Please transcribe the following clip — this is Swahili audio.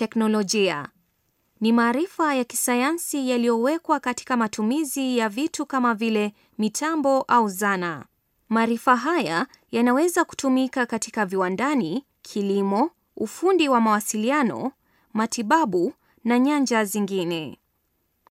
Teknolojia ni maarifa ya kisayansi yaliyowekwa katika matumizi ya vitu kama vile mitambo au zana. Maarifa haya yanaweza kutumika katika viwandani, kilimo, ufundi wa mawasiliano, matibabu na nyanja zingine.